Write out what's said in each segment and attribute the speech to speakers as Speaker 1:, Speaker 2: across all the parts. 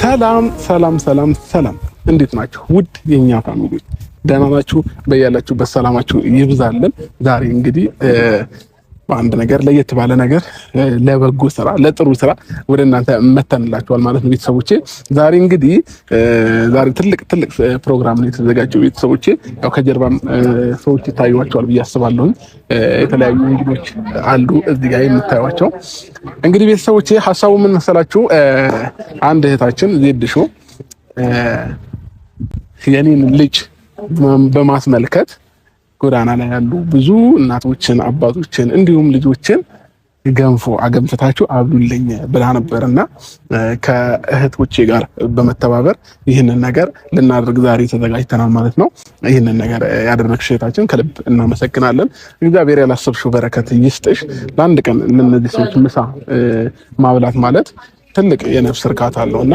Speaker 1: ሰላም ሰላም ሰላም ሰላም፣ እንዴት ናችሁ ውድ የኛ ፋሚሊ? ደህና ናችሁ? በያላችሁበት ሰላማችሁ ይብዛልን። ዛሬ እንግዲህ በአንድ ነገር ለየት ባለ ነገር ለበጎ ስራ ለጥሩ ስራ ወደ እናንተ መተንላችኋል ማለት ነው። ቤተሰቦቼ ዛሬ እንግዲህ ዛሬ ትልቅ ትልቅ ፕሮግራም ነው የተዘጋጀው። ቤተሰቦቼ ያው ከጀርባም ሰዎች ይታዩዋቸዋል ብዬ አስባለሁኝ። የተለያዩ እንግዶች አሉ እዚህ ጋር የምታዩዋቸው። እንግዲህ ቤተሰቦቼ ሀሳቡ ምን መሰላችሁ? አንድ እህታችን ዜድሾ የኔን ልጅ በማስመልከት ጎዳና ላይ ያሉ ብዙ እናቶችን፣ አባቶችን እንዲሁም ልጆችን ገንፎ አገንፍታችሁ አብሉልኝ ብላ ነበር እና ከእህቶቼ ጋር በመተባበር ይህንን ነገር ልናደርግ ዛሬ ተዘጋጅተናል ማለት ነው። ይህንን ነገር ያደረግሽ እህታችን ከልብ እናመሰግናለን። እግዚአብሔር ያላሰብሽው በረከት ይስጥሽ። ለአንድ ቀን ለነዚህ ሰዎች ምሳ ማብላት ማለት ትልቅ የነፍስ እርካታ አለው እና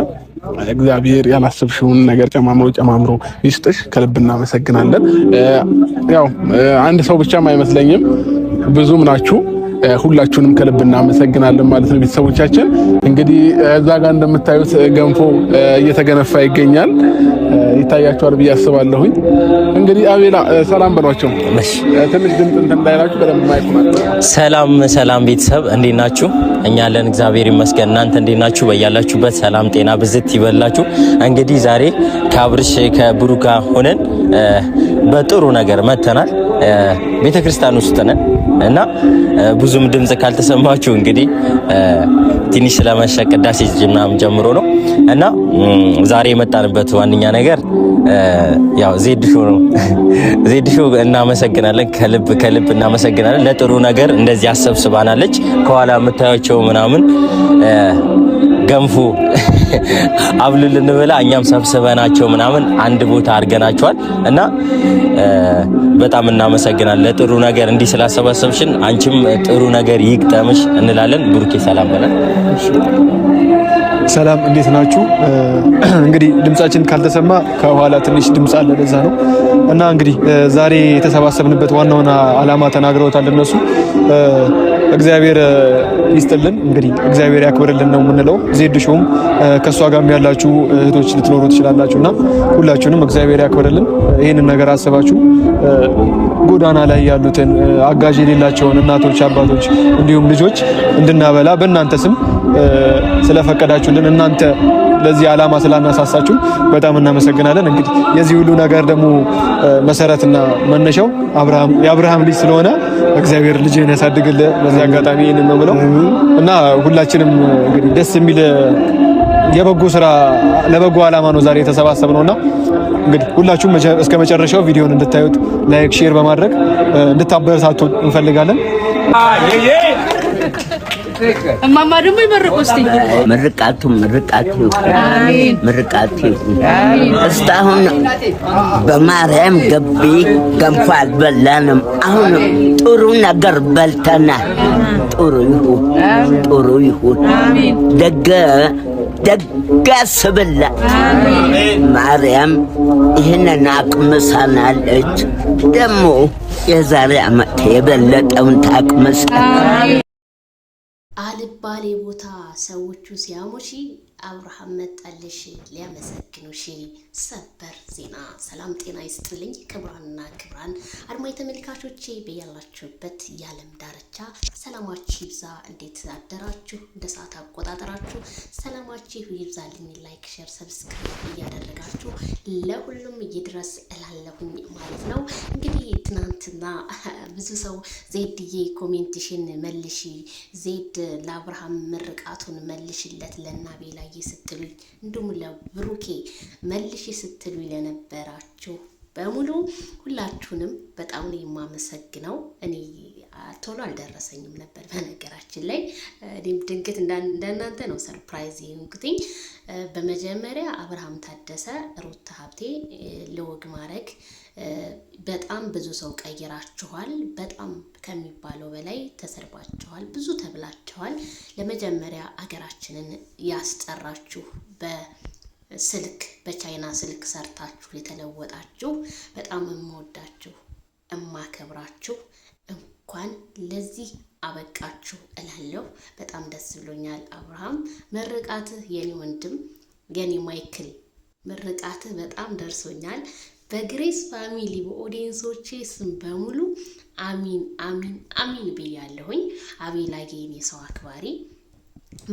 Speaker 1: እግዚአብሔር ያላሰብሽውን ነገር ጨማምሮ ጨማምሮ ይስጥሽ። ከልብ እናመሰግናለን። ያው አንድ ሰው ብቻም አይመስለኝም ብዙም ናችሁ። ሁላችሁንም ከልብ እናመሰግናለን ማለት ነው። ቤተሰቦቻችን እንግዲህ እዛ ጋር እንደምታዩት ገንፎ እየተገነፋ ይገኛል። ይታያቸዋል ብዬ አስባለሁኝ። እንግዲህ አቤላ ሰላም በሏቸው። ትንሽ ድምፅ እንትን እንዳይላችሁ በደንብ ማይክ ማለት
Speaker 2: ሰላም ሰላም፣ ቤተሰብ እንዴት ናችሁ? እኛ ለን እግዚአብሔር ይመስገን። እናንተ እንዴት ናችሁ? በያላችሁበት ሰላም ጤና ብዝት ይበላችሁ። እንግዲህ ዛሬ ከአብርሽ ከብሩክ ጋር ሆነን በጥሩ ነገር መተናል። ቤተ ክርስቲያን ውስጥ ነን እና ብዙም ድምፅ ካልተሰማችሁ እንግዲህ ትንሽ ስለመሸ ቅዳሴ ምናምን ጀምሮ ነው እና ዛሬ የመጣንበት ዋነኛ ነገር ያው ዜድ ሾ ነው። ዜድ ሾ እናመሰግናለን፣ ከልብ ከልብ እናመሰግናለን። ለጥሩ ነገር እንደዚህ አሰብስባናለች። ከኋላ የምታያቸው ምናምን ገንፎ አብሉ ልንበላ እኛም ሰብስበናቸው ምናምን አንድ ቦታ አድርገናቸዋል እና በጣም እናመሰግናለን ለጥሩ ነገር እንዲህ ስላሰባሰብሽን። አንቺም ጥሩ ነገር ይግጠምሽ እንላለን። ብሩኬ ሰላም በለን።
Speaker 1: ሰላም እንዴት ናችሁ? እንግዲህ ድምጻችን ካልተሰማ ከኋላ ትንሽ ድምጽ አለ፣ ለዛ ነው እና እንግዲህ ዛሬ የተሰባሰብንበት ዋና አላማ ተናግረውታል እነሱ። እግዚአብሔር ይስጥልን እንግዲህ እግዚአብሔር ያክብርልን ነው የምንለው። ዜድ ሾም ከእሷ ጋርም ያላችሁ እህቶች ልትኖሩ ትችላላችሁ እና ሁላችሁንም እግዚአብሔር ያክብርልን። ይህንን ነገር አስባችሁ ጎዳና ላይ ያሉትን አጋዥ የሌላቸውን እናቶች፣ አባቶች እንዲሁም ልጆች እንድናበላ በእናንተ ስም ስለፈቀዳችሁልን እናንተ ለዚህ ዓላማ ስላነሳሳችሁን በጣም እናመሰግናለን። እንግዲህ የዚህ ሁሉ ነገር ደግሞ መሰረትና መነሻው የአብርሃም ልጅ ስለሆነ እግዚአብሔር ልጅህን ያሳድግልህ። በዚህ አጋጣሚ ይህንን ነው ብለው እና ሁላችንም እንግዲህ ደስ የሚል የበጎ ስራ ለበጎ ዓላማ ነው ዛሬ የተሰባሰብነው እና እንግዲህ ሁላችሁም እስከ መጨረሻው ቪዲዮን እንድታዩት ላይክ፣ ሼር በማድረግ እንድታበረታቱ እንፈልጋለን።
Speaker 3: እማማ ደግሞ ይመርቁ እስቲ።
Speaker 4: ምርቃቱ ምርቃቱ ምርቃቱ እስካሁን በማርያም ገቢ ገንፎ አልበላንም። አሁንም ጥሩ ነገር በልተናል። ጥሩ ይሁን ጥሩ ይሁን ደገ ደጋ ስብላ ማርያም ይህንን አቅምሳናለች። ደግሞ የዛሬ ዓመት የበለጠውን ታቅምሳል።
Speaker 5: አልባሌ ቦታ ሰዎቹ ሲያሞሺ አብርሃም መጣልሽ ሊያመሰግኑሽ ሰበር ዜና። ሰላም ጤና ይስጥልኝ ክቡራንና ክቡራን አድማጭ ተመልካቾቼ በያላችሁበት የዓለም ዳርቻ ሰላማችሁ ይብዛ። እንዴት አደራችሁ? እንደ ሰዓት አቆጣጠራችሁ ሰላማችሁ ይብዛልኝ። ላይክ፣ ሼር፣ ሰብስክራይብ እያደረጋችሁ ለሁሉም ይድረስ እላለሁኝ ማለት ነው። እንግዲህ ትናንትና ብዙ ሰው ዜድዬ ኮሜንትሽን መልሽ ዜድ ለአብርሃም ምርቃቱን መልሽለት ለናቤላ ሩታዬ ስትሉኝ እንዲሁም ለብሩኬ መልሽ ስትሉኝ ለነበራችሁ በሙሉ ሁላችሁንም በጣም ነው የማመሰግነው። እኔ ቶሎ አልደረሰኝም ነበር በነገራችን ላይ እኔም ድንገት እንደናንተ ነው ሰርፕራይዝ የሆንኩትኝ። በመጀመሪያ አብርሃም ታደሰ፣ ሩታ ሀብቴ ለወግ ማድረግ በጣም ብዙ ሰው ቀይራችኋል። በጣም ከሚባለው በላይ ተሰርባችኋል፣ ብዙ ተብላችኋል። ለመጀመሪያ አገራችንን ያስጠራችሁ በ ስልክ በቻይና ስልክ ሰርታችሁ የተለወጣችሁ በጣም የምወዳችሁ እማከብራችሁ እንኳን ለዚህ አበቃችሁ እላለሁ። በጣም ደስ ብሎኛል። አብርሃም ምርቃትህ የኔ ወንድም የኔ ማይክል ምርቃትህ በጣም ደርሶኛል። በግሬስ ፋሚሊ በኦዲየንሶቼ ስም በሙሉ አሚን አሚን አሚን ብያለሁኝ። አቤላጌ የኔ ሰው አክባሪ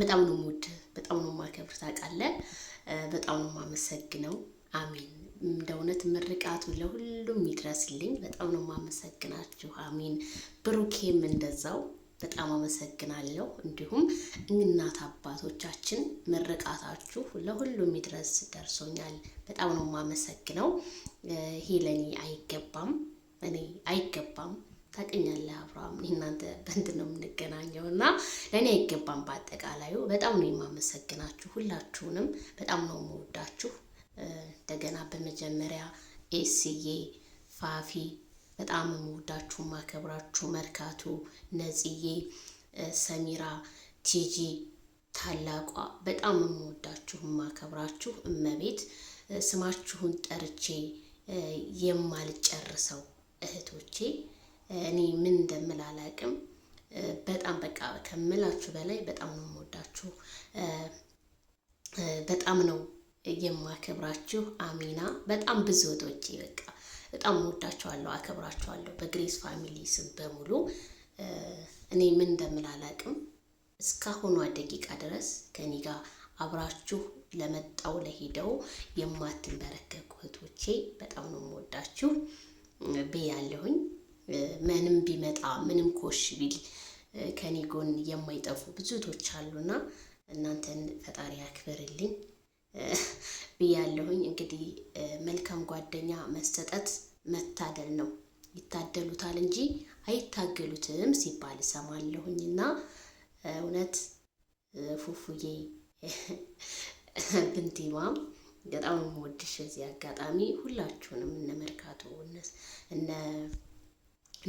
Speaker 5: በጣም ነው የምወድህ በጣም ነው ማከብር ታውቃለህ። በጣም ነው ማመሰግነው። አሜን። እንደ እውነት ምርቃቱ ለሁሉም ይድረስልኝ። በጣም ነው የማመሰግናችሁ። አሜን። ብሩኬም እንደዛው በጣም አመሰግናለሁ። እንዲሁም እናት አባቶቻችን ምርቃታችሁ ለሁሉም ይድረስ ደርሶኛል። በጣም ነው የማመሰግነው። ይሄ ለእኔ አይገባም፣ እኔ አይገባም ታቀኛለህ አብርሃም፣ እናንተ በእንትን ነው የምንገናኘው እና ለእኔ አይገባም። በአጠቃላዩ በጣም ነው የማመሰግናችሁ ሁላችሁንም፣ በጣም ነው የምወዳችሁ። እንደገና በመጀመሪያ ኤስዬ ፋፊ፣ በጣም የምወዳችሁ ማከብራችሁ፣ መርካቱ፣ ነጽዬ፣ ሰሚራ፣ ቲጂ ታላቋ፣ በጣም የምወዳችሁ ማከብራችሁ። እመቤት ስማችሁን ጠርቼ የማልጨርሰው እህቶቼ እኔ ምን እንደምል አላውቅም። በጣም በቃ ከምላችሁ በላይ በጣም ነው የምወዳችሁ፣ በጣም ነው የማከብራችሁ። አሚና በጣም ብዙ ወጦች በቃ በጣም ወዳችኋለሁ፣ አከብራችኋለሁ። በግሬስ ፋሚሊ ስም በሙሉ እኔ ምን እንደምል አላውቅም። እስካሁኗ ደቂቃ ድረስ ከኔ ጋር አብራችሁ ለመጣው ለሄደው የማትንበረከቁ እህቶቼ በጣም ነው የምወዳችሁ ብያለሁኝ። ምንም ቢመጣ ምንም ኮሽ ቢል ከኔ ጎን የማይጠፉ ብዙ እህቶች አሉና እናንተን ፈጣሪ ያክብርልኝ ብያለሁኝ። እንግዲህ መልካም ጓደኛ መሰጠት መታደል ነው። ይታደሉታል እንጂ አይታገሉትም ሲባል እሰማለሁኝ እና እውነት ፉፉዬ ብንቲማ በጣም የምወድሽ እዚህ አጋጣሚ ሁላችሁንም እነ መርካቶ እነ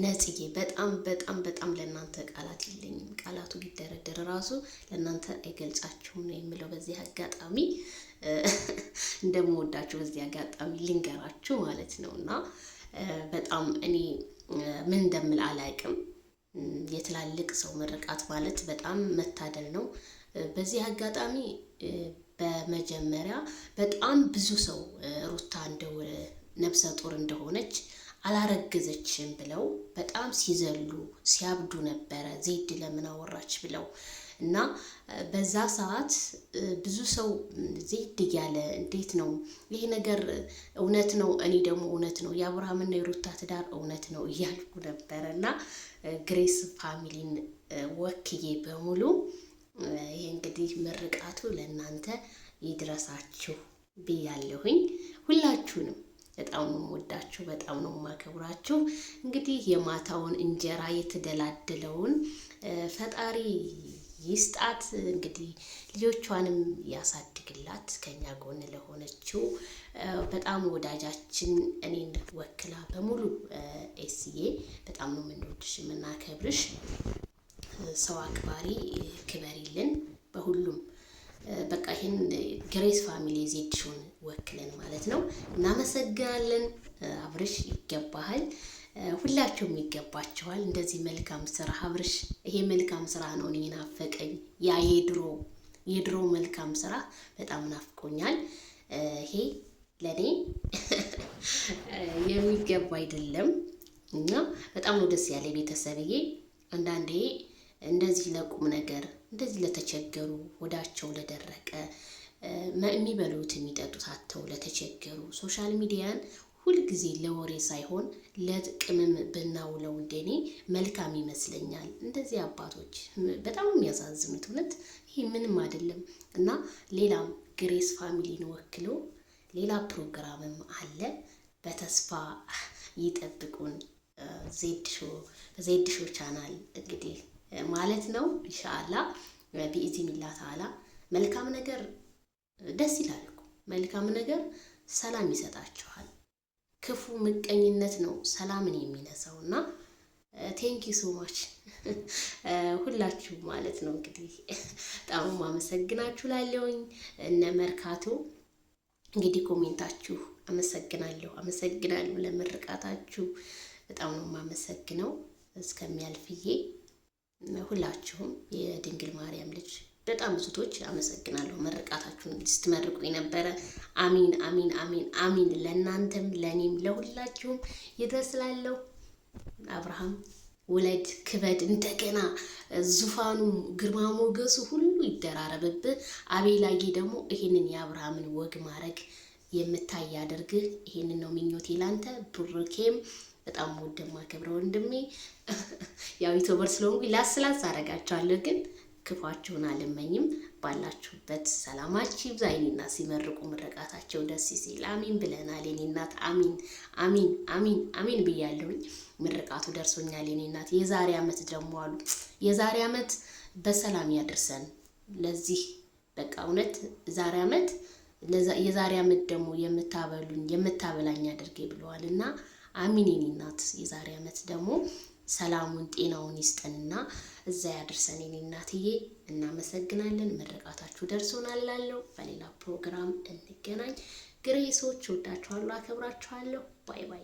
Speaker 5: ነጽዬ በጣም በጣም በጣም ለእናንተ ቃላት የለኝም። ቃላቱ ቢደረደር ራሱ ለእናንተ አይገልጻችሁም ነው የምለው። በዚህ አጋጣሚ እንደምወዳችሁ በዚህ አጋጣሚ ልንገራችሁ ማለት ነው እና በጣም እኔ ምን እንደምል አላውቅም። የትላልቅ ሰው ምርቃት ማለት በጣም መታደል ነው። በዚህ አጋጣሚ በመጀመሪያ በጣም ብዙ ሰው ሩታ እንደው ነብሰ ጡር እንደሆነች አላረገዘችም ብለው በጣም ሲዘሉ ሲያብዱ ነበረ። ዜድ ለምን አወራች ብለው እና በዛ ሰዓት ብዙ ሰው ዜድ እያለ እንዴት ነው ይሄ ነገር እውነት ነው? እኔ ደግሞ እውነት ነው የአብርሃምና የሩታ ትዳር እውነት ነው እያልኩ ነበረ እና ግሬስ ፋሚሊን ወክዬ በሙሉ ይሄ እንግዲህ ምርቃቱ ለእናንተ ይድረሳችሁ ብያለሁኝ ሁላችሁንም በጣም ነው የምወዳችሁ፣ በጣም ነው የማከብራችሁ። እንግዲህ የማታውን እንጀራ የተደላደለውን ፈጣሪ ይስጣት። እንግዲህ ልጆቿንም ያሳድግላት። ከኛ ጎን ለሆነችው በጣም ወዳጃችን እኔን ወክላ በሙሉ ኤስዬ በጣም ነው የምንወድሽ የምናከብርሽ። ሰው አክባሪ ክበሪልን በሁሉም በቃ ይህን ግሬስ ፋሚሊ ዜድሽውን ወክለን ማለት ነው። እናመሰግናለን። አብርሽ ይገባሃል። ሁላችሁም ይገባችኋል። እንደዚህ መልካም ስራ አብርሽ፣ ይሄ መልካም ስራ ነው እኔ ናፈቀኝ። ያ የድሮ የድሮ መልካም ስራ በጣም ናፍቆኛል። ይሄ ለእኔ የሚገባ አይደለም እና በጣም ነው ደስ ያለ ቤተሰብዬ። አንዳንዴ እንደዚህ ለቁም ነገር እንደዚህ ለተቸገሩ ሆዳቸው ለደረቀ የሚበሉት የሚጠጡት አተው ለተቸገሩ ሶሻል ሚዲያን ሁልጊዜ ለወሬ ሳይሆን ለጥቅምም ብናውለው እንደኔ መልካም ይመስለኛል። እንደዚህ አባቶች በጣም የሚያሳዝኑት እውነት ይህ ምንም አይደለም እና ሌላም ግሬስ ፋሚሊን ወክሎ ሌላ ፕሮግራምም አለ። በተስፋ ይጠብቁን። ዜድ ሾ ቻናል እንግዲህ ማለት ነው። ኢንሻአላ ቢኢዝኒላህ ተዓላ መልካም ነገር ደስ ይላል መልካም ነገር ሰላም ይሰጣችኋል። ክፉ ምቀኝነት ነው ሰላምን የሚነሳው እና ቴንኪ ሶ ማች ሁላችሁ ማለት ነው። እንግዲህ በጣም አመሰግናችሁ ላለውኝ እነ መርካቶ እንግዲህ ኮሜንታችሁ አመሰግናለሁ አመሰግናለሁ ለምርቃታችሁ በጣም ነው የማመሰግነው። እስከሚያልፍዬ ሁላችሁም የድንግል ማርያም ልጅ በጣም ብዙ ቶች አመሰግናለሁ። መርቃታችሁን እንግዲህ ስትመርቁ የነበረ አሚን አሚን አሚን አሚን። ለእናንተም ለእኔም ለሁላችሁም ይድረስ አብርሃም ውለድ ክበድ፣ እንደገና ዙፋኑ ግርማ ሞገሱ ሁሉ ይደራረብብ። አቤላጌ ደግሞ ይህንን የአብርሃምን ወግ ማድረግ የምታይ ያደርግህ። ይህንን ነው ምኞቴ ላንተ። ብሩኬም በጣም ወደማ ክብረ ወንድሜ፣ ያው ዩቱበር ስለሆንኩ ላስላስ አረጋቸዋለሁ ግን ክፋችሁን አልመኝም። ባላችሁበት ሰላማችሁ ይብዛ። የኔ ሲመርቁ ምርቃታቸው ደስ ሲል አሚን ብለናል። የኔ እናት አሚን አሚን አሚን አሚን ብያለሁኝ። ምርቃቱ ደርሶኛል። የኔ እናት የዛሬ አመት ደግሞ አሉ የዛሬ አመት በሰላም ያድርሰን። ለዚህ በቃ እውነት ዛሬ አመት የዛሬ አመት ደግሞ የምታበሉኝ የምታበላኝ አድርጌ ብለዋል እና አሚን የኔ እናት የዛሬ አመት ደግሞ ሰላሙን ጤናውን ይስጠንና እዛ ያደርሰን የኔ እናትዬ። እናመሰግናለን። ምርቃታችሁ ደርሶናል እላለሁ። በሌላ ፕሮግራም እንገናኝ። ግሬሶች ወዳችኋለሁ፣ አከብራችኋለሁ። ባይ ባይ።